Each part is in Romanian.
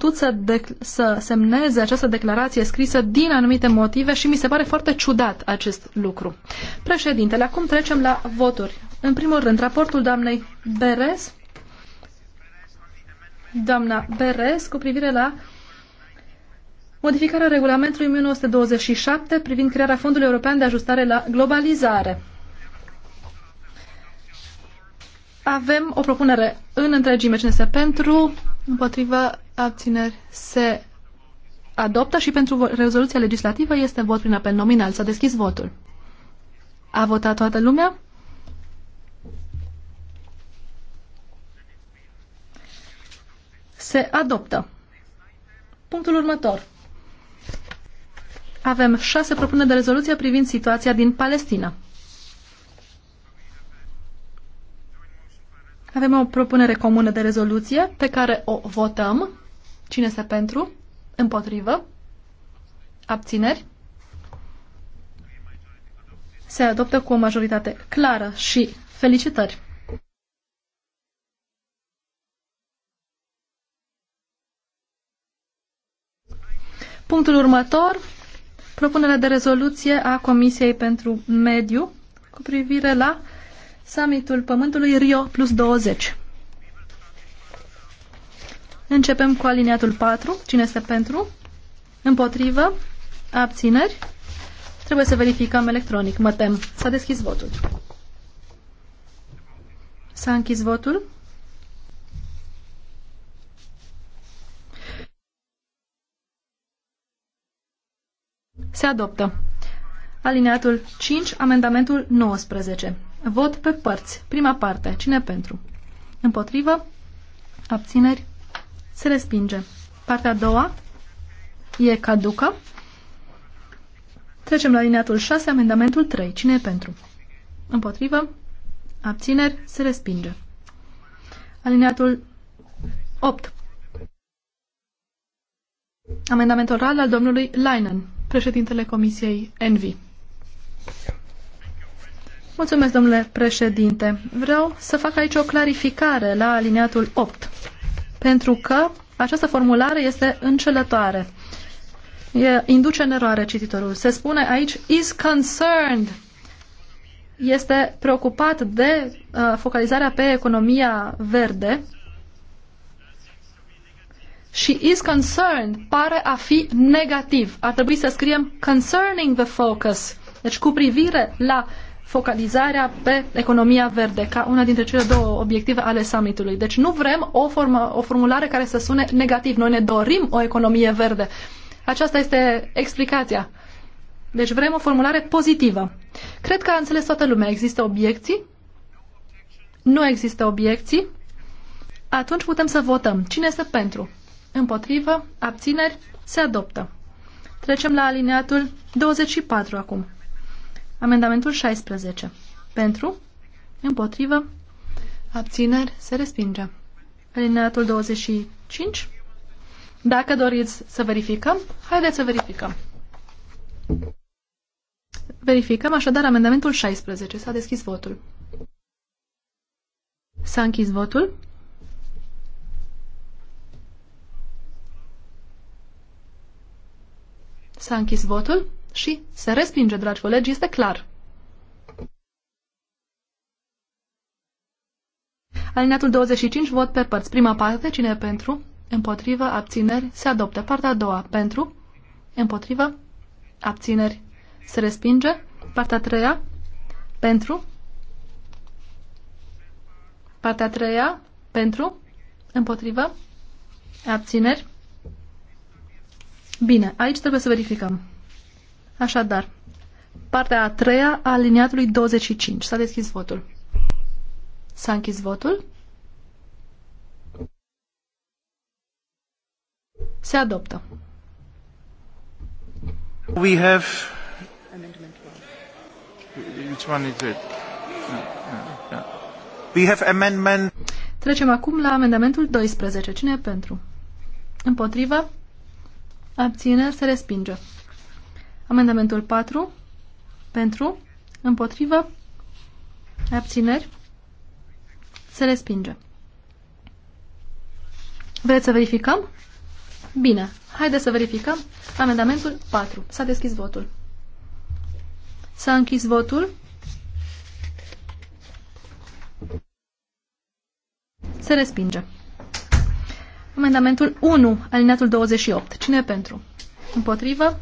putut să, să semneze această declarație scrisă din anumite motive și mi se pare foarte ciudat acest lucru. Președintele, acum trecem la voturi. În primul rând, raportul doamnei Berez, doamna Berez, cu privire la modificarea regulamentului 1927 privind crearea Fondului European de Ajustare la Globalizare. Avem o propunere în întregime CNS pentru, împotrivă, abțineri se adoptă și pentru rezoluția legislativă este vot prin apel nominal. S-a deschis votul. A votat toată lumea? Se adoptă. Punctul următor. Avem șase propuneri de rezoluție privind situația din Palestina. Avem o propunere comună de rezoluție pe care o votăm. Cine este pentru? Împotrivă? Abțineri? Se adoptă cu o majoritate clară și felicitări! Punctul următor, propunerea de rezoluție a Comisiei pentru Mediu cu privire la summitul Pământului Rio plus 20. Începem cu aliniatul 4. Cine este pentru? Împotrivă? Abțineri? Trebuie să verificăm electronic. Mă tem. S-a deschis votul. S-a închis votul. Se adoptă. Alineatul 5, amendamentul 19. Vot pe părți. Prima parte. Cine pentru? Împotrivă? Abțineri? se respinge. Partea a doua e caducă. Trecem la lineatul 6, amendamentul 3. Cine e pentru? Împotrivă. Abțineri. Se respinge. Alineatul 8. Amendament oral al domnului Leinen, președintele Comisiei Envi. Mulțumesc, domnule președinte. Vreau să fac aici o clarificare la alineatul 8 pentru că această formulare este încelătoare. E, induce în eroare cititorul. Se spune aici is concerned. Este preocupat de uh, focalizarea pe economia verde și is concerned pare a fi negativ. Ar trebui să scriem concerning the focus. Deci cu privire la uh, focalizarea pe economia verde, ca una dintre cele două obiective ale summitului. Deci nu vrem o, formă, o formulare care să sune negativ. Noi ne dorim o economie verde. Aceasta este explicația. Deci vrem o formulare pozitivă. Cred că a înțeles toată lumea. Există obiecții? Nu există obiecții? Atunci putem să votăm. Cine este pentru? Împotrivă? Abțineri? Se adoptă. Trecem la alineatul 24 acum. Amendamentul 16. Pentru, împotrivă, abțineri, se respinge. Alineatul 25. Dacă doriți să verificăm, haideți să verificăm. Verificăm așadar amendamentul 16. S-a deschis votul. S-a închis votul. S-a închis votul și se respinge, dragi colegi, este clar. Alineatul 25, vot pe părți. Prima parte, cine pentru? Împotrivă, abțineri, se adoptă. Partea a doua, pentru? Împotrivă, abțineri, se respinge. Partea a treia, pentru? Partea a treia, pentru? Împotrivă, abțineri. Bine, aici trebuie să verificăm. Așadar, partea a treia a aliniatului 25. S-a deschis votul. S-a închis votul. Se adoptă. We have... Which one is it? We have amendment... Trecem acum la amendamentul 12. Cine e pentru? Împotrivă? Abțineri? Se respinge. Amendamentul 4 pentru, împotrivă, abțineri, se respinge. Vreți să verificăm? Bine, haideți să verificăm amendamentul 4. S-a deschis votul. S-a închis votul. Se respinge. Amendamentul 1, alineatul 28. Cine pentru? Împotrivă?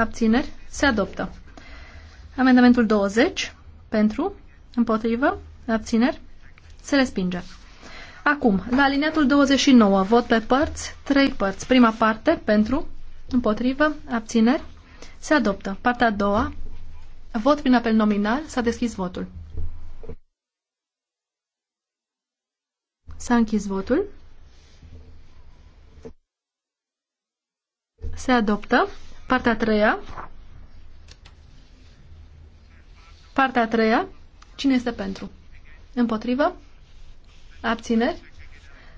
abțineri, se adoptă. Amendamentul 20, pentru, împotrivă, abțineri, se respinge. Acum, la aliniatul 29, vot pe părți, trei părți. Prima parte, pentru, împotrivă, abțineri, se adoptă. Partea a doua, vot prin apel nominal, s-a deschis votul. S-a închis votul. Se adoptă. Partea a treia. Partea a treia. Cine este pentru? Împotrivă? Abțineri?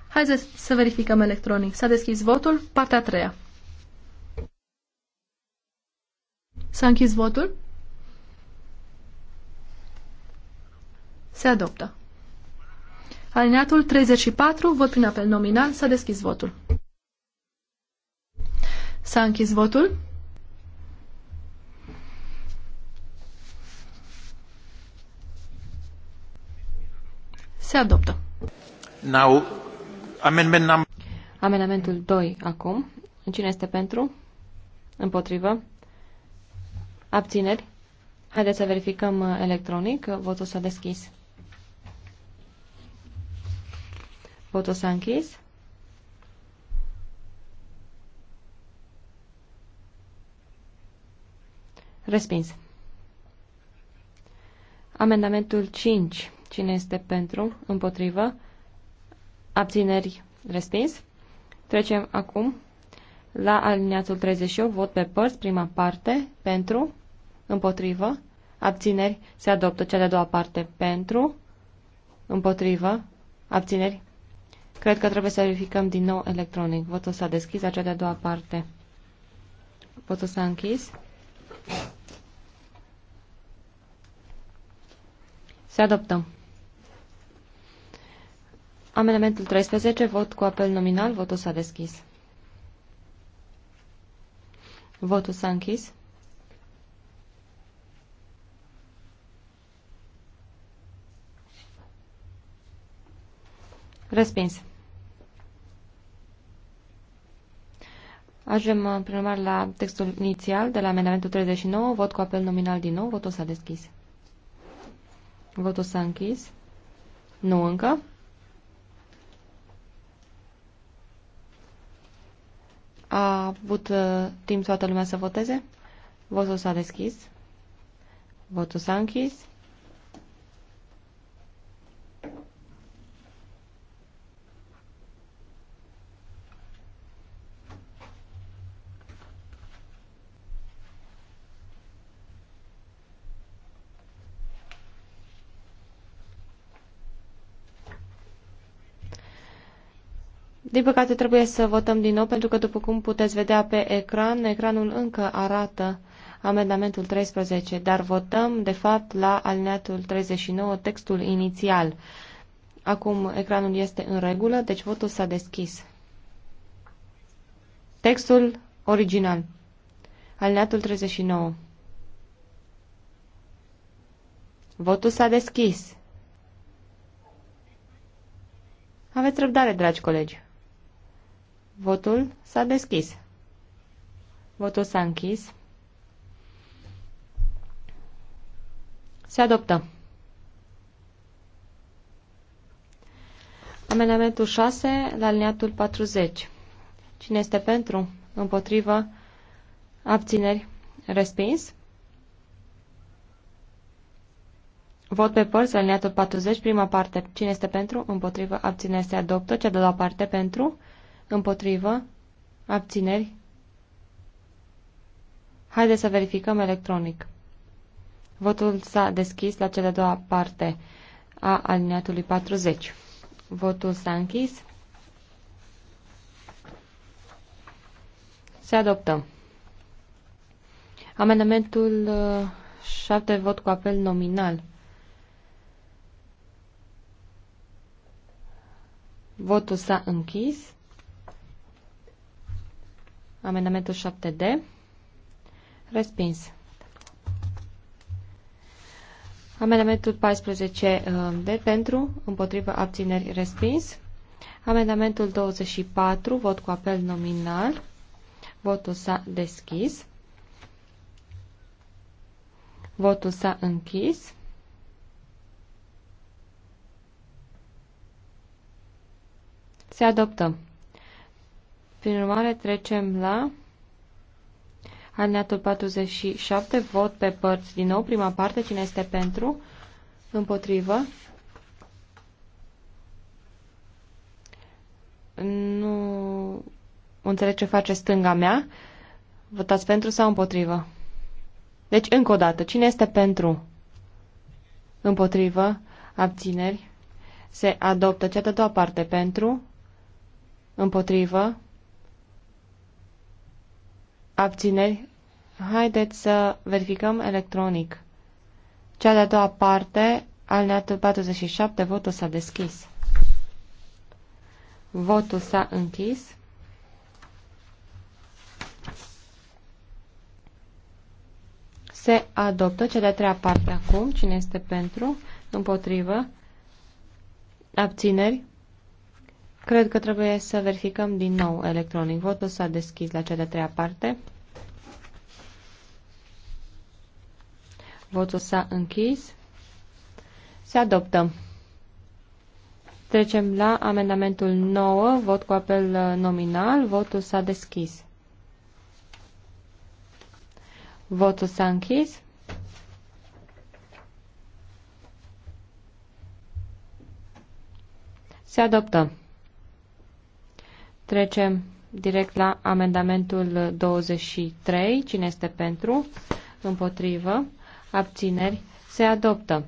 Haideți să verificăm electronic. S-a deschis votul. Partea a treia. S-a închis votul. Se adoptă. Alineatul 34, vot prin apel nominal, s-a deschis votul. S-a închis votul. Se adoptă. Now, amendment num- Amendamentul 2 acum. Cine este pentru? Împotrivă? Abțineri? Haideți să verificăm uh, electronic. Votul s-a deschis. Votul s-a închis. Respins. Amendamentul 5. Cine este pentru? Împotrivă? Abțineri? Respins. Trecem acum la aliniatul 38, vot pe părți, prima parte, pentru, împotrivă, abțineri, se adoptă cea de-a doua parte, pentru, împotrivă, abțineri. Cred că trebuie să verificăm din nou electronic. Votul s-a deschis, cea de-a doua parte. Votul s-a închis. Se adoptăm. Amendamentul 13, vot cu apel nominal, votul s-a deschis. Votul s-a închis. Respins. Ajungem, uh, prin urmare, la textul inițial de la amendamentul 39. Vot cu apel nominal din nou. Votul s-a deschis. Votul s-a închis. Nu încă. A avut uh, timp toată lumea să voteze? Votul s-a deschis. Votul s-a închis. Din păcate trebuie să votăm din nou pentru că, după cum puteți vedea pe ecran, ecranul încă arată amendamentul 13, dar votăm, de fapt, la alineatul 39, textul inițial. Acum ecranul este în regulă, deci votul s-a deschis. Textul original. Alineatul 39. Votul s-a deschis. Aveți răbdare, dragi colegi. Votul s-a deschis. Votul s-a închis. Se adoptă. Amendamentul 6 la liniatul 40. Cine este pentru? Împotrivă? Abțineri? Respins? Vot pe părți, liniatul 40, prima parte. Cine este pentru? Împotrivă? Abțineri? Se adoptă. Cea de la parte pentru? Împotrivă? Abțineri? Haideți să verificăm electronic. Votul s-a deschis la cele doua parte a alineatului 40. Votul s-a închis. Se adoptă. Amendamentul 7, uh, vot cu apel nominal. Votul s-a închis. Amendamentul 7D. Respins. Amendamentul 14D uh, pentru, împotrivă, abțineri, respins. Amendamentul 24, vot cu apel nominal. Votul s-a deschis. Votul s-a închis. Se adoptă. Prin urmare, trecem la alineatul 47, vot pe părți. Din nou, prima parte, cine este pentru? Împotrivă? Nu înțeleg ce face stânga mea. Votați pentru sau împotrivă? Deci, încă o dată, cine este pentru? Împotrivă? Abțineri? Se adoptă cea de-a doua parte pentru? Împotrivă? Abțineri? Haideți să verificăm electronic. Cea de-a doua parte, alineatul 47, votul s-a deschis. Votul s-a închis. Se adoptă cea de-a treia parte acum. Cine este pentru? Împotrivă? Abțineri? Cred că trebuie să verificăm din nou electronic. Votul s-a deschis la cea de-a treia parte. Votul s-a închis. Se adoptă. Trecem la amendamentul 9, vot cu apel uh, nominal. Votul s-a deschis. Votul s-a închis. Se adoptă. Trecem direct la amendamentul 23. Cine este pentru? Împotrivă. Abțineri. Se adoptă.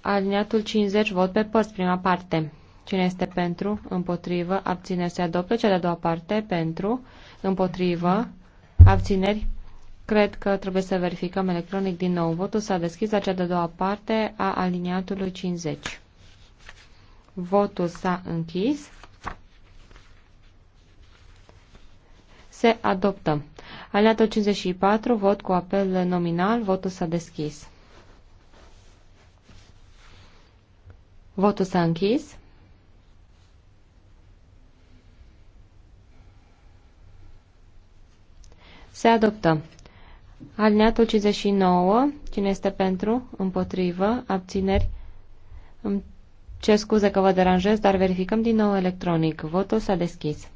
Aliniatul 50. Vot pe părți. Prima parte. Cine este pentru? Împotrivă. Abțineri. Se adoptă. Cea de-a doua parte. Pentru. Împotrivă. Abțineri. Cred că trebuie să verificăm electronic din nou. Votul s-a deschis la cea de-a doua parte a aliniatului 50. Votul s-a închis Se adoptă. Aliatul 54, vot cu apel nominal, votul s-a deschis. Votul s-a închis. Se adoptă. Alineatul 59, cine este pentru, împotrivă, abțineri, îmi ce scuze că vă deranjez, dar verificăm din nou electronic. Votul s-a deschis.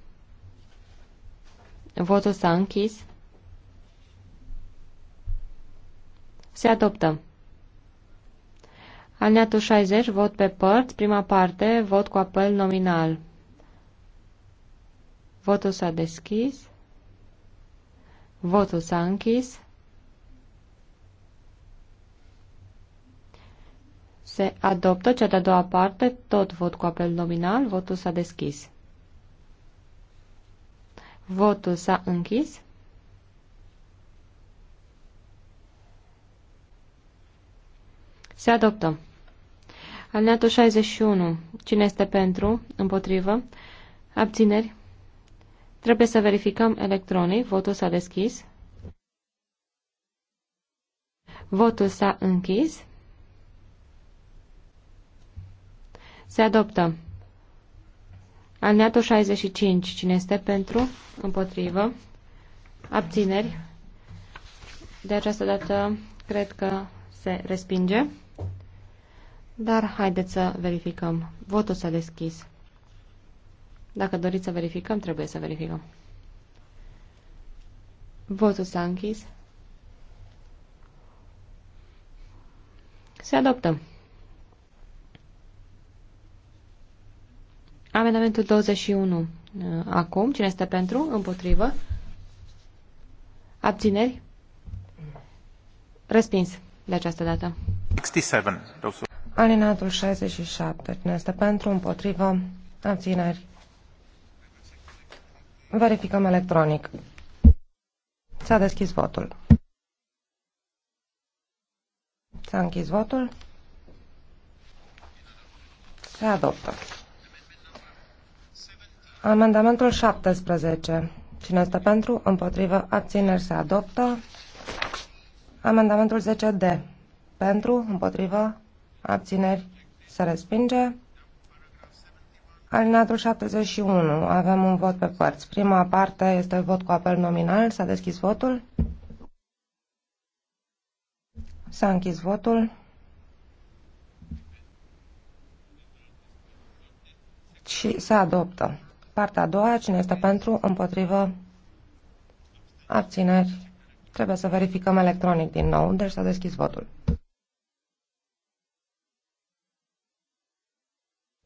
Votul s-a închis. Se adoptă. Alineatul 60, vot pe părți, prima parte, vot cu apel nominal. Votul s-a deschis. Votul s-a închis. Se adoptă cea de-a doua parte, tot vot cu apel nominal, votul s-a deschis. Votul s-a închis. Se adoptă. Alineatul 61. Cine este pentru? Împotrivă? Abțineri? Trebuie să verificăm electronii. Votul s-a deschis. Votul s-a închis. Se adoptă. Alineatul 65. Cine este pentru? Împotrivă. Abțineri. De această dată cred că se respinge. Dar haideți să verificăm. Votul s-a deschis. Dacă doriți să verificăm, trebuie să verificăm. Votul s-a închis. Se adoptă. Amendamentul 21. Uh, acum, cine este pentru? Împotrivă. Abțineri? Respins de această dată. 67. Alinatul 67. Cine este pentru? Împotrivă. Abțineri. Verificăm electronic. S-a deschis votul. S-a închis votul. Se adoptă. Amendamentul 17. Cine este pentru? Împotrivă. Abțineri se adoptă. Amendamentul 10D. Pentru? Împotrivă. Abțineri se respinge. Alineatul 71. Avem un vot pe părți. Prima parte este vot cu apel nominal. S-a deschis votul. S-a închis votul. Și se adoptă. Partea a doua, cine este pentru, împotrivă, abțineri. Trebuie să verificăm electronic din nou, deci s-a deschis votul.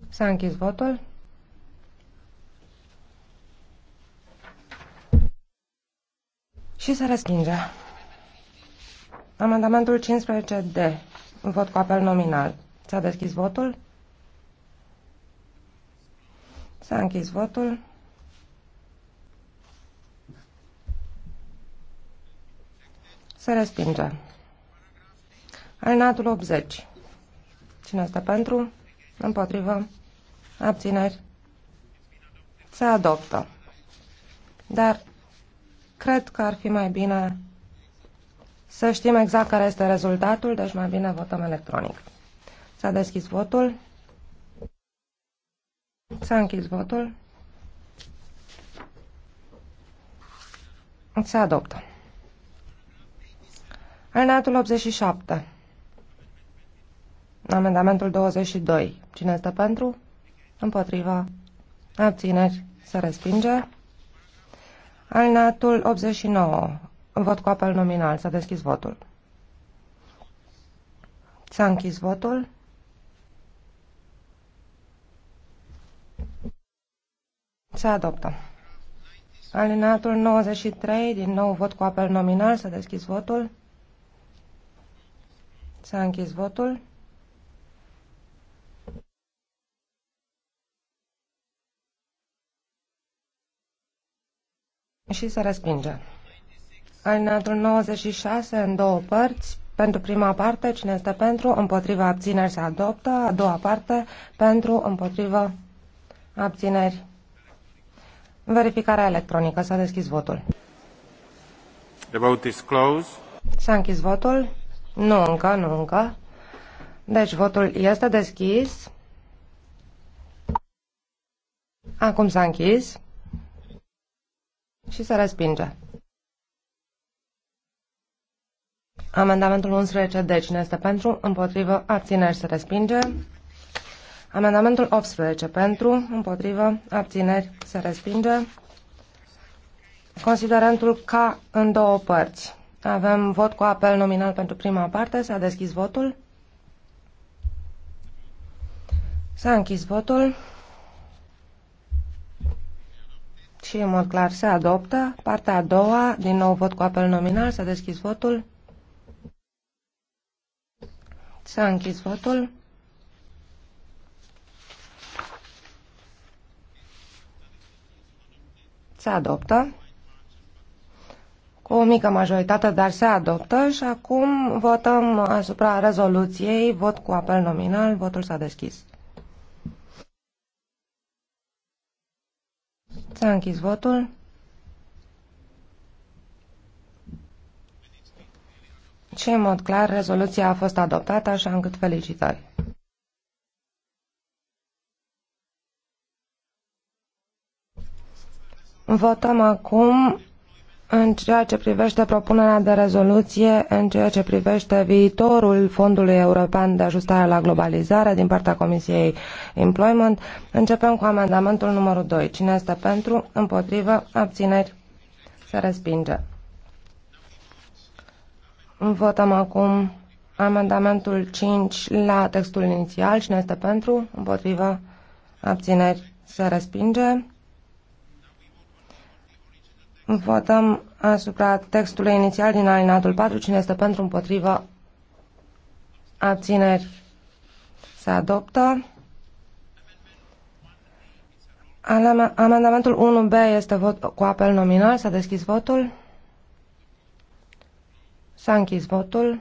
S-a închis votul. Și se respinge. Amendamentul 15D. Vot cu apel nominal. S-a deschis votul. S-a închis votul. Se respinge. Alinatul 80. Cine este pentru? Împotrivă? Abțineri? Se adoptă. Dar cred că ar fi mai bine să știm exact care este rezultatul, deci mai bine votăm electronic. S-a deschis votul. S-a închis votul. Se adoptă. Alinatul 87. Amendamentul 22. Cine este pentru? Împotriva. Abțineri. Se respinge. Alinatul 89. Vot cu apel nominal. S-a deschis votul. S-a închis votul. Se adoptă. Alinatul 93, din nou vot cu apel nominal, s-a deschis votul. S-a închis votul. Și se respinge. Alinatul 96, în două părți, pentru prima parte, cine este pentru, împotriva abțineri se adoptă, a doua parte, pentru, împotriva abțineri Verificarea electronică. S-a deschis votul. The vote is closed. S-a închis votul. Nu încă, nu încă. Deci votul este deschis. Acum s-a închis. Și se respinge. Amendamentul 11, deci, nu este pentru, împotrivă, abțineri, se respinge. Amendamentul 18 pentru, împotrivă, abțineri, se respinge. Considerentul ca în două părți. Avem vot cu apel nominal pentru prima parte. S-a deschis votul. S-a închis votul. Și, în mod clar, se adoptă. Partea a doua, din nou vot cu apel nominal. S-a deschis votul. S-a închis votul. se adoptă cu o mică majoritate, dar se adoptă și acum votăm asupra rezoluției, vot cu apel nominal, votul s-a deschis. S-a închis votul. Și în mod clar, rezoluția a fost adoptată, așa încât felicitări. Votăm acum în ceea ce privește propunerea de rezoluție, în ceea ce privește viitorul Fondului European de Ajustare la Globalizare din partea Comisiei Employment, începem cu amendamentul numărul 2. Cine este pentru? Împotrivă? Abțineri? Se respinge. Votăm acum amendamentul 5 la textul inițial. Cine este pentru? Împotrivă? Abțineri? Se respinge. Votăm asupra textului inițial din alinatul 4. Cine este pentru, împotrivă, abțineri, se adoptă. Amendamentul 1B este vot cu apel nominal. S-a deschis votul. S-a închis votul.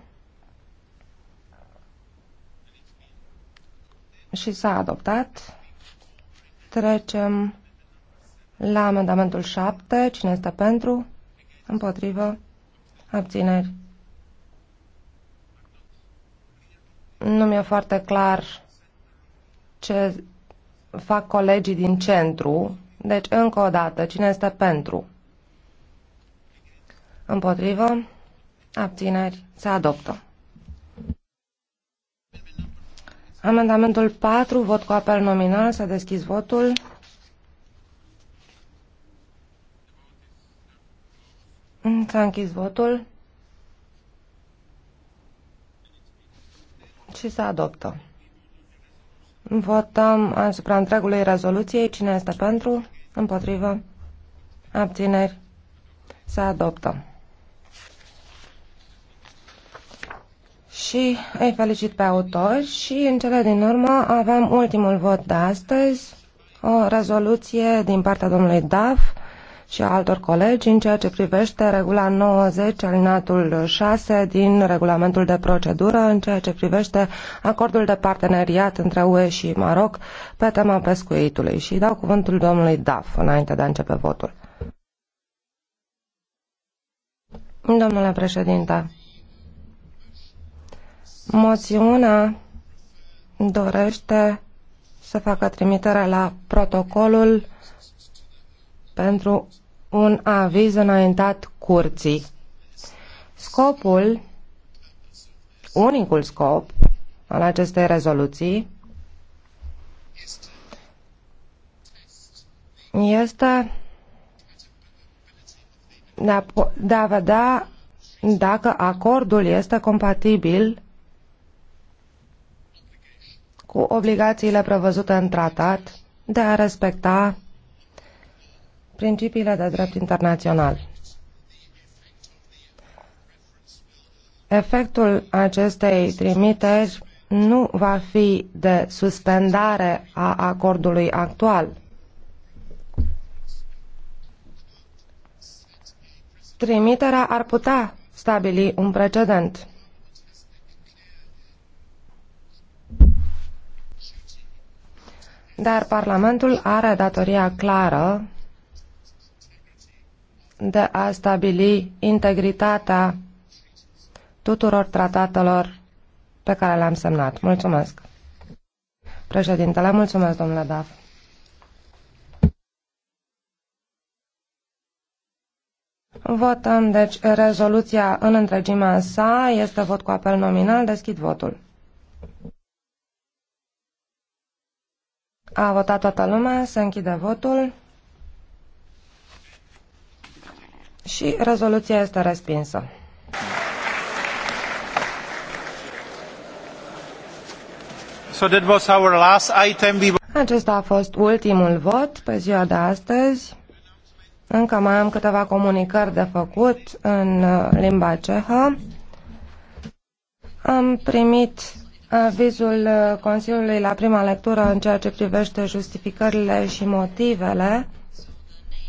Și s-a adoptat. Trecem la amendamentul 7, cine este pentru? Împotrivă? Abțineri? Nu mi-e foarte clar ce fac colegii din centru. Deci, încă o dată, cine este pentru? Împotrivă? Abțineri? Se adoptă. Amendamentul 4, vot cu apel nominal, s-a deschis votul. S-a închis votul și se adoptă. Votăm asupra întregului rezoluției. Cine este pentru? Împotrivă? Abțineri? Se adoptă. Și îi felicit pe autor și în cele din urmă avem ultimul vot de astăzi, o rezoluție din partea domnului Daf, și a altor colegi în ceea ce privește regula 90 alinatul 6 din regulamentul de procedură în ceea ce privește acordul de parteneriat între UE și Maroc pe tema pescuitului și dau cuvântul domnului Daf înainte de a începe votul. Domnule președinte, moțiunea dorește să facă trimitere la protocolul pentru un aviz înaintat curții. Scopul, unicul scop al acestei rezoluții este de a, de a vedea dacă acordul este compatibil cu obligațiile prevăzute în tratat de a respecta principiile de drept internațional. Efectul acestei trimiteri nu va fi de suspendare a acordului actual. Trimiterea ar putea stabili un precedent. Dar Parlamentul are datoria clară de a stabili integritatea tuturor tratatelor pe care le-am semnat. Mulțumesc. Președintele, mulțumesc, domnule Daf. Votăm, deci, rezoluția în întregimea sa. Este vot cu apel nominal. Deschid votul. A votat toată lumea. Se închide votul. și rezoluția este respinsă. So that was our last item. We... Acesta a fost ultimul vot pe ziua de astăzi. Încă mai am câteva comunicări de făcut în uh, limba cehă. Am primit avizul uh, Consiliului la prima lectură în ceea ce privește justificările și motivele